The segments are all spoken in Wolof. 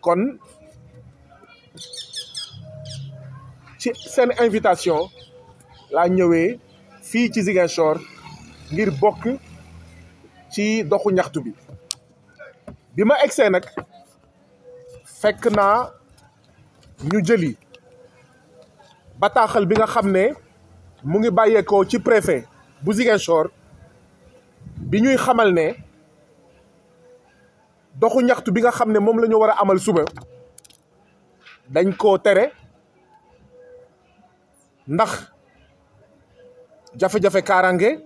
kon ci seen invitation la ñëwee fii ci Ziguinchor ngir bokk ci doxu ñaxtu bi bi ma egsee nag fekk naa ñu jëli bataaxal bi nga xam ne mu ngi bàyyeekoo ci préfet bu Ziguinchor bi ñuy xamal ne doxu ñaxtu bi nga xam ne moom la ñu war a amal suba dañ koo tere ndax jafe-jafe kaaraange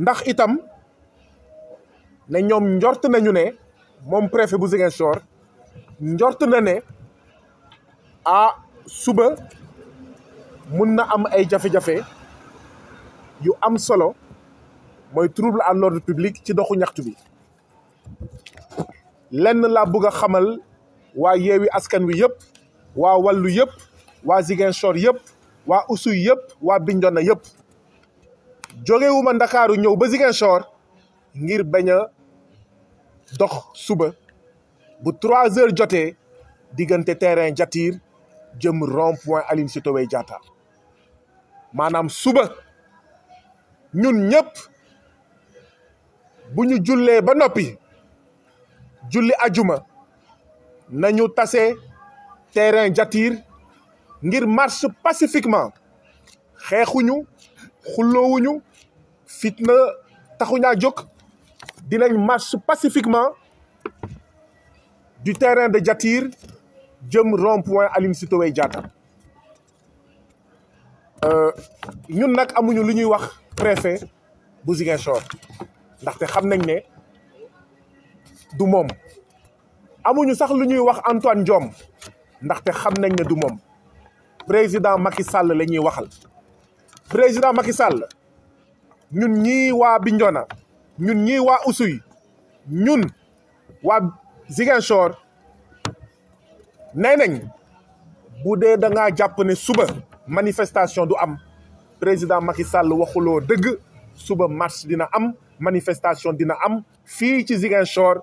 ndax itam ne ñoom njort nañu ne moom préfet bu Ziguinchor njort na ne ah suba mun na am ay jafe-jafe yu am solo mooy trouble à l'ordre public ci doxu ñaxtu bi lenn laa bëgg a xamal waa yeewi askan wi yëpp waa wàllu yëpp waa Ziguinchor yëpp waa Oussouye yëpp waa Bignona yëpp jógewu ma ndakaaru ñëw ba Ziguinchor ngir bañ a dox suba bu trois heures jotee diggante terrain jatir jëm rond point Aline Sitoé Diatta maanaam suba ñun ñëpp bu ñu ba noppi julli ajuma nañu tassé terrain jatiir ngir marche pacifiquement xexuñu xulloowuñu fitna taxuña jóg dinañ marche pacifiquement du terrain de Jatir jëm rond-point Aline Sitoé Diatta euh, ñun nak amuñu lu wax préfet bu Ziguinchor ndaxte xam nañ ne du moom amuñu sax lu ñuy wax Antoine Diome ndaxte xam nañ ne du moom président Macky Sall la ñuy waxal président Macky Sall ñun ñi waa Bignona ñun ñii waa Oussouye ñun waa Ziguinchor nee nañ bu dee da ngaa jàpp ne suba manifestation du am président Macky Sall waxuloo dëgg suba marche dina am manifestation dina am fii ci Ziguinchor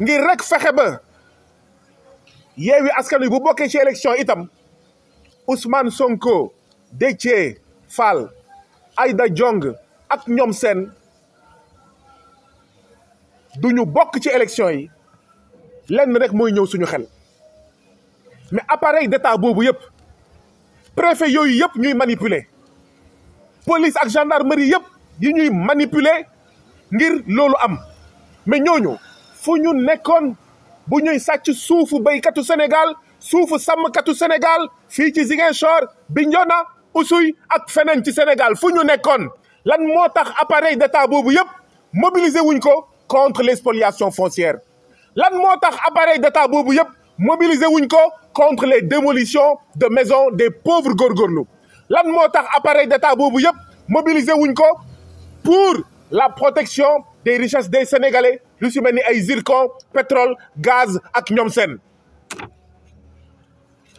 ngir rek fexé ba Yewwi Askan Wi bu bokké ci élection itam Ousmane Sonko Déthié Fall Aïda Diong ak ñom sen duñu bokk ci élection yi lenn rek moy ñew suñu xel mais appareil d'état bobu yépp préfet yoyu yépp ñuy manipuler police ak gendarmerie yépp yi ñuy manipuler ngir lolu am mais ñooñu fuñu nekon, nekkoon bu ñuy sàcc suufu béykatu Sénégal suufu sàmmkatu Sénégal fii ci Bignona usuy ak feneen ci Sénégal fu ñu lan moo appareil d'état boobu mobilise mobiliser wuñ ko contre les spoliations foncières lan moo appareil d'état boobu mobilise mobiliser wuñ ko contre les démolitions de maisons des pauvres góorgóorlu lan moo appareil d'état boobu mobilise mobiliser wuñ pour la protection des richesses des sénégalais lu si mel ni ay zircon pétrole gaz ak ñoom seen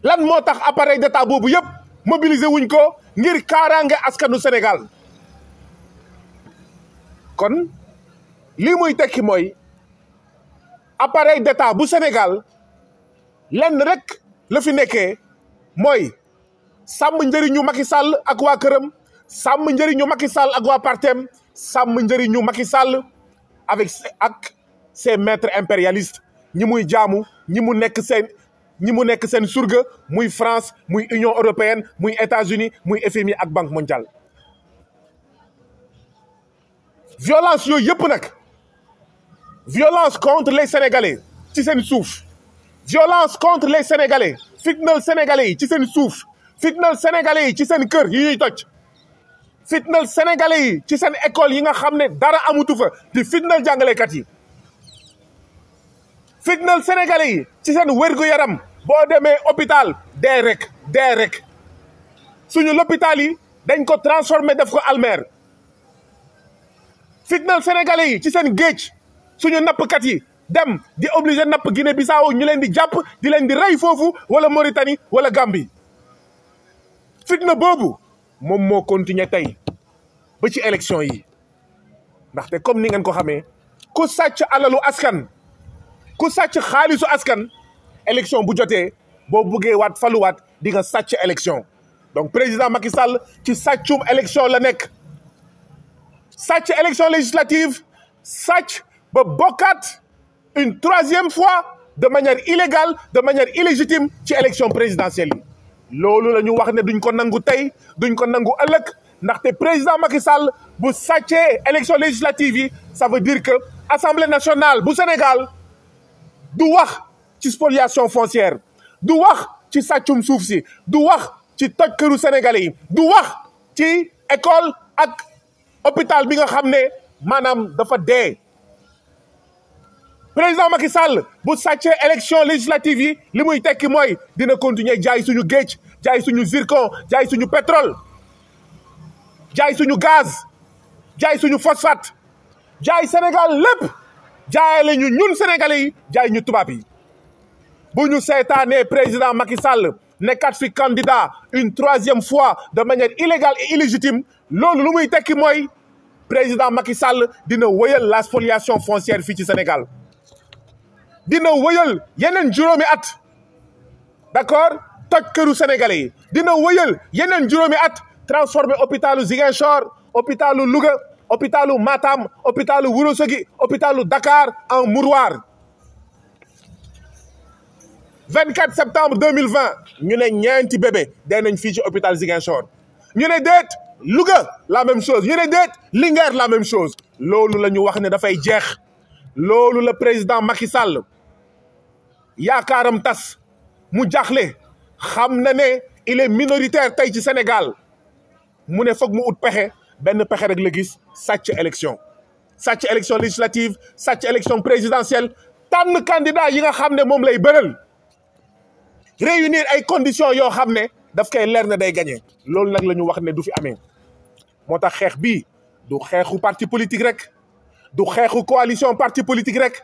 lan moo tax appareil d'état boobu yëpp mobiliser wuñ ko ngir kaaraange askanu Sénégal kon lii mooy tekki mooy appareil deta bu Sénégal lan rek la fi nekkee mooy sàmm njëriñu Macky Sall ak waa këram sàmm njëriñu Macky Sall ak waa partem sàmm njëriñu Macky Sall avec ak ses maîtres impérialistes ñi muy jaamu ñi mu nekk seen ñi mu nekk seen surga muy France muy Union européenne muy États-Unis muy FMI ak Banque mondiale violence yooyu yëpp nag violence contre les Sénégalais ci seen suuf violence contre les Sénégalais fitnal Sénégalais yi ci seen suuf fitnal Sénégalais yi ci seen kër yi ñuy toj fitnal sénégalais yi ci sen école yi nga xamné dara amutu fa di fitnal kat yi fitnal sénégalais yi ci sen wergu yaram bo démé hôpital dé rek dé rek suñu l'hôpital yi dañ ko transformer def ko almer fitnal sénégalais yi ci sen geej suñu kat yi dem di obligé napp Guinée Bissau ñu leen di japp di leen di ray fofu wala Mauritanie wala Gambie fitna Bobu. mom mo continuer tay ba ci élection yi té comme ni ngeen ko xamé ku sàcc alalu askan ku sàcc khalisu askan élection bu jotee boo buggee waat faluwaat di nga sàcc élection donc président Macky Sall ci sàccum élection la nek. sàcc élection législative sàcc ba bokat une troisième fois de manière illégale de manière illégitime ci élection présidentielle loolu la wax ne duñ ko nangu tay duñ ko nangu ëllëg ndaxte président Macky Sall bu sàccee élection législative yi ça veut dire que assemblée nationale bu Sénégal du wax ci spoliation foncière du wax ci sàccum suuf si du wax ci toj Sénégalais yi du wax ci école ak hôpital bi nga xamné manam dafa dé président Macky Sall bu sàccee élection législative yi li muy tekki dina continuer jaay suñu géej jaay suñu zircon jaay suñu pétrole jaay suñu gaz jaay suñu phosphate jaay Sénégal libre, jaayale ñu ñun Sénégalais yi jaay ñu Cette yi bu ñu président Macky Sall quatre fi candidat une troisième fois de manière illégale et illégitime lolu lu muy tekki président Macky Sall dina wëyal la spoliation foncière du Sénégal dina wëyal yeneen juróomi at d'accord toj këru sénégalais yi dina wëyal yeneen juróomi at transformé hôpitalu Ziguinchor hôpitalu Louga hôpitalu Matam hôpitalu Ourossogui hôpitalu Dakar en mouroir 24 septembre 2020 ñu ne ñeenti bébé dee nañ fii ci hôpital Ziguinchor ñu ne déet Louga la même chose ñu ne déet linger, la même chose loolu la ñu wax ne dafay jeex loolu président Macky Sall yaakaaram tas mu jaxlé xam na ne il est minoritaire tay ci Sénégal mu ne foog mu ut pexe benn pexé rek la gis sàcc élection sàcc élection législative sàcc élection présidentielle tànn candidat yi nga xam ne moom lay bëral réunir ay conditions yo xam ne daf kay leer ne day gagner loolu nak lañu wax né du fi amé motax tax bi du xeexu parti politique rek du xeexu coalition parti politique rek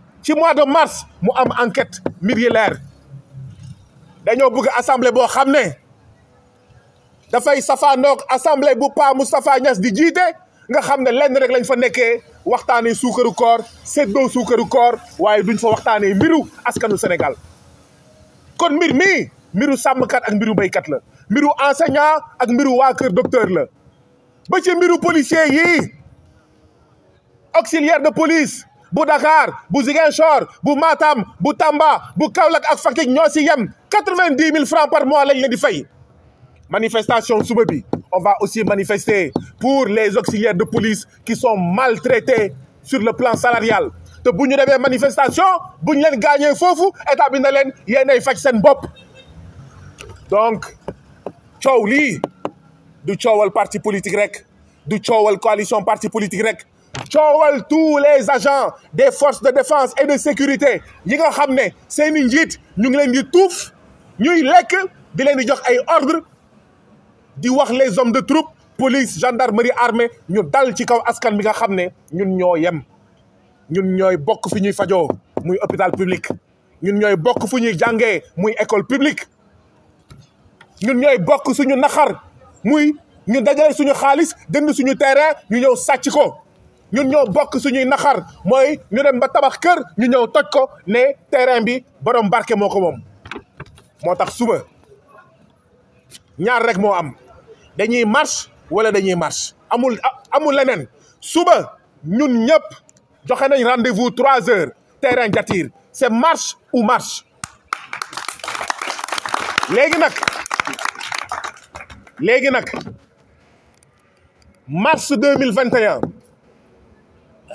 ci mois de mars mu am enquête mbir yi leer dañoo bëgg assemblée boo xam ne dafay safaanoog assemblée bu Pa Moustapha Niass di jiite nga xam ne lenn rek lañ fa nekkee waxtaanee suukaru koor séddoo suukaru koor waaye duñ fa waxtaanee mbiru askanu Sénégal kon mbir mi mbiru sàmmkat ak mbiru béykat la mbiru enseignant ak mbiru waakër kër la ba ci mbiru policier yi auxiliaire de police bu Dakar bu Ziguinchor bu Matam bu Tamba bu Kaolack ak ñoo francs par mois lañ leen di fay manifestation suba on va aussi manifester pour les auxiliaires de police qui sont maltraités sur le plan salarial te bu ñu manifestation bu ñu leen gagné. Et état bi na leen yéenay faj seen bopp donc coow du coowal parti politique rek du coowal coalition parti politique rek coowal tous les agents des forces de défense et de sécurité yi nga xam ne seeni njiit ñu ngi leen di tuuf ñuy lekk di di jox ay ordre di wax les hommes de troupe police gendarmerie armée ñu dal ci kaw askan mi nga xamné ñun ñoo yem ñun ñoy bokk fi ñuy fajo muy hôpital public ñun ñoy bokk fu ñuy muy école publique ñun ñoy bokk suñu naxar muy ñu dajale suñu xaalis dënd suñu terrain ñu ñew sacc ko ñun ñoo bokk suñuy naxar mooy ñu dem ba tabax kër ñu ñëw toj ko ne terrain bi borom barke moo ko moom moo tax suba ñaar rek moo am dañuy marche wala dañuy marche amul amul leneen suba ñun ñëpp joxe nañ rendez-vous trois heures terrain Diatir c'est marche u marche léegi nag léegi nag mars deux mille vingt et un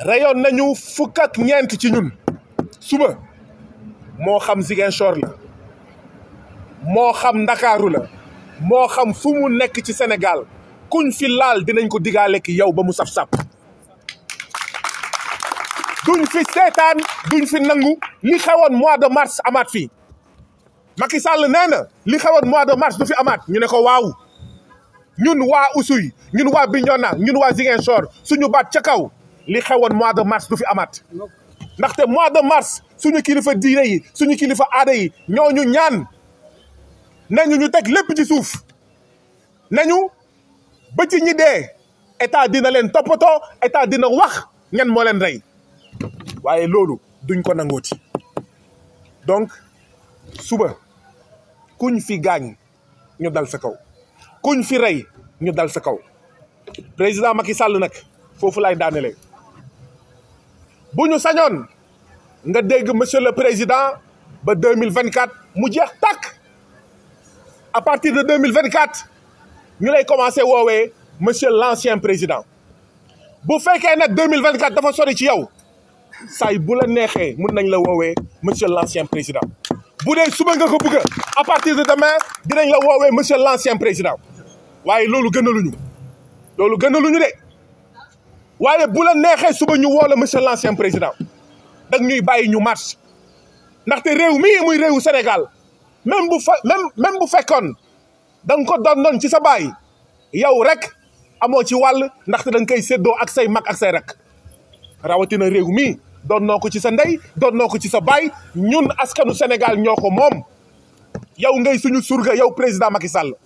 reyoon nañu fukk ñeent ci ñun suba moo xam Ziguinchor la moo xam Ndakaaru la moo xam fu mu nekk ci senegal kuñ fi laal dinañ ko digaale ki yow ba mu saf-saf duñ fi seetaan duñ fi nangu li xewoon mois de mars amaat fi Macky Sall nee na li xewoon mois de mars du fi amaat ñu ne ko waaw ñun waa Oussouye ñun waa Bignona ñun waa Ziguinchor suñu baat ca kaw li xewoon mois de mars du fi amaat ndaxte mois de mars suñu kilifa diine yi suñu kilifa aada yi ñu ñaan nañu ñu teg lépp ci suuf nañu ba ci ñi dee état dina leen toppatoo état dina wax ñan moo leen rey waaye loolu duñ ko nangooti donc suba kuñ fi gaañ ñu dal sa kaw kuñ fi rey ñu dal sa kaw président Macky Sall nag foofu laay daanelee Si nous avons dit, Monsieur le Président, en 2024, il tac. À partir de 2024, nous allons commencé à Monsieur l'ancien Président. Si vous faites en 2024, vous avez dit, ça y est, nous avons Monsieur l'ancien Président. Si vous avez dit, à partir de demain, nous avons Monsieur l'ancien Président. Vous voyez, nous avons dit, nous avons nous waaye bu la neexee suba ñu woo la monsieur l'ancien président dag ñuy bàyyi ñu marche ndaxte réew mii muy réewu Sénégal même bu fa même même bu fekkoon da nga ko doon doon ci sa baay yow rek amoo ci wàll ndaxte da nga koy séddoo ak say mag ak say rek rawatina réew mii doon noo ko ci sa ndey doon noo ko ci sa baay ñun askanu Sénégal ñoo ko moom yow ngay suñu surga yow président Macky Sall